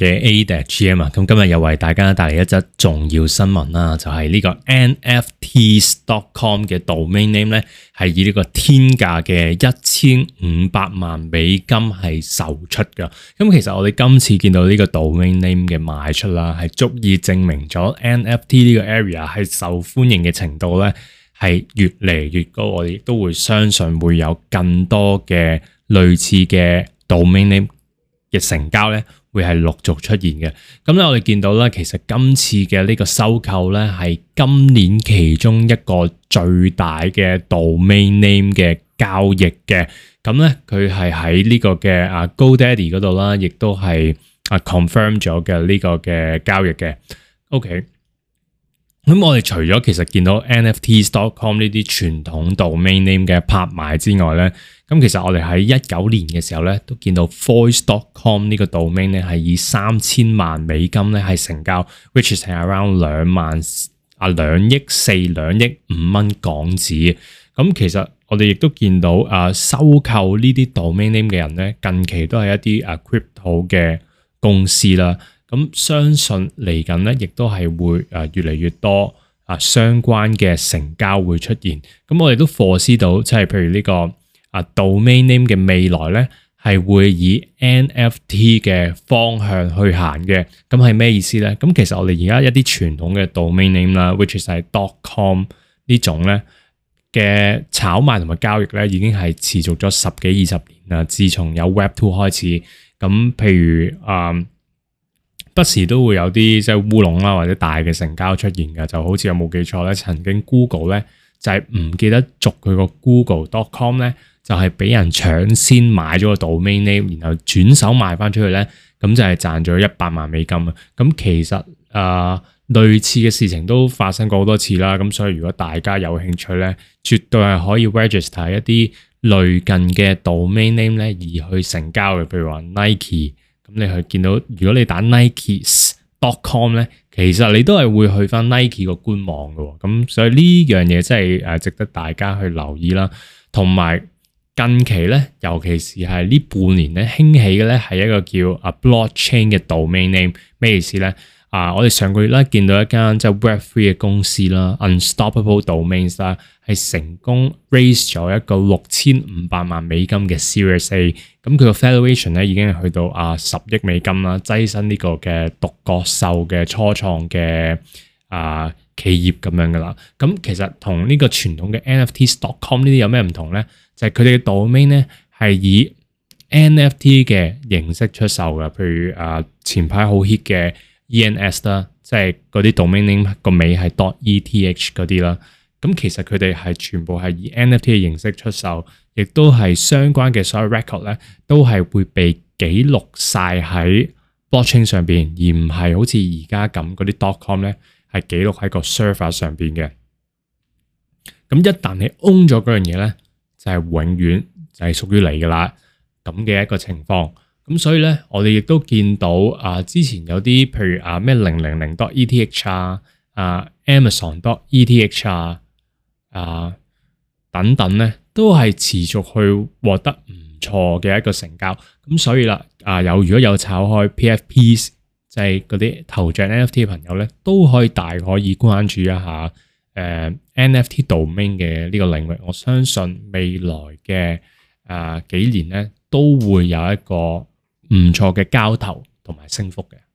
嘅 ADAC GM 啊，咁今日又為大家帶嚟一則重要新聞啦，就係、是、呢個 NFTs.com 嘅 domain name 咧，係以呢個天價嘅一千五百萬美金係售出噶。咁其實我哋今次見到呢個 domain name 嘅賣出啦，係足以證明咗 NFT 呢個 area 係受歡迎嘅程度咧，係越嚟越高。我哋亦都會相信會有更多嘅類似嘅 domain name 嘅成交咧。會係陸續出現嘅，咁咧我哋見到咧，其實今次嘅呢個收購咧係今年其中一個最大嘅 domain name 嘅交易嘅，咁咧佢係喺呢個嘅啊 GoDaddy 嗰度啦，亦都係啊 confirm 咗嘅呢個嘅交易嘅。OK。咁我哋除咗其實見到 NFTs.com 呢啲傳統 domain name 嘅拍賣之外咧，咁其實我哋喺一九年嘅時候咧，都見到 Voice.com 呢個 domain 咧係以三千萬美金咧係成交，which is around 兩萬啊，兩億四兩億五蚊港紙。咁其實我哋亦都見到啊，收購呢啲 domain name 嘅人咧，近期都係一啲啊 crypto 嘅公司啦。咁相信嚟緊咧，亦都係會誒越嚟越多啊相關嘅成交會出現。咁我哋都 foresight 到即係譬如呢個啊 domain name 嘅未來咧，係會以 NFT 嘅方向去行嘅。咁係咩意思咧？咁其實我哋而家一啲傳統嘅 domain name 啦，which is 係 dot com 呢種咧嘅炒賣同埋交易咧，已經係持續咗十幾二十年啦。自從有 Web Two 開始，咁譬如啊。嗯不時都會有啲即係烏龍啦，或者大嘅成交出現嘅，就好似有冇記錯咧？曾經 Google 咧就係、是、唔記得續佢個 Google.com 咧，就係、是、俾人搶先買咗個 domain name，然後轉手賣翻出去咧，咁就係賺咗一百萬美金啊！咁其實啊、呃，類似嘅事情都發生過好多次啦。咁所以如果大家有興趣咧，絕對係可以 register 一啲類近嘅 domain name 咧而去成交嘅，譬如話 Nike。你去見到，如果你打 Nike.com 咧，其實你都係會去返 Nike 個官網嘅，咁所以呢樣嘢真係誒值得大家去留意啦，同埋，近期咧，尤其是係呢半年咧，興起嘅咧係一個叫啊 blockchain 嘅 domain name，咩意思咧？啊、呃，我哋上個月咧見到一間即係 web three 嘅公司啦，Unstoppable Domains 啦，係成功 raise 咗一個六千五百萬美金嘅 Series A，咁佢個 valuation 咧已經去到啊十、呃、億美金啦，躋身呢個嘅獨角獸嘅初創嘅啊。呃企業咁樣噶啦，咁其實同呢個傳統嘅 NFTs.com 呢啲有咩唔同呢？就係、是、佢哋嘅 domain 咧係以 NFT 嘅形式出售嘅，譬如誒前排好 hit 嘅 ENS 啦，即係嗰啲 domain name 個尾係 dot ETH 嗰啲啦。咁其實佢哋係全部係以 NFT 嘅形式出售，亦都係相關嘅所有 record 咧都係會被記錄晒喺 Blockchain 上邊，而唔係好似而家咁嗰啲 dotcom 咧。Com 呢係記錄喺個 server 上邊嘅，咁一旦你 own 咗嗰樣嘢咧，就係永遠就係屬於你噶啦，咁嘅一個情況。咁所以咧，我哋亦都見到啊，之前有啲譬如啊咩零零零 dot ETH 啊、啊 Amazon dot ETH 啊、啊等等咧，都係持續去獲得唔錯嘅一個成交。咁所以啦，啊有如果有炒開 PFPs，就係嗰啲頭像 NFT 嘅朋友咧，都可以大可以關注一下誒、呃、NFT domain 嘅呢個領域。我相信未來嘅啊、呃、幾年咧，都會有一個唔錯嘅交投同埋升幅嘅。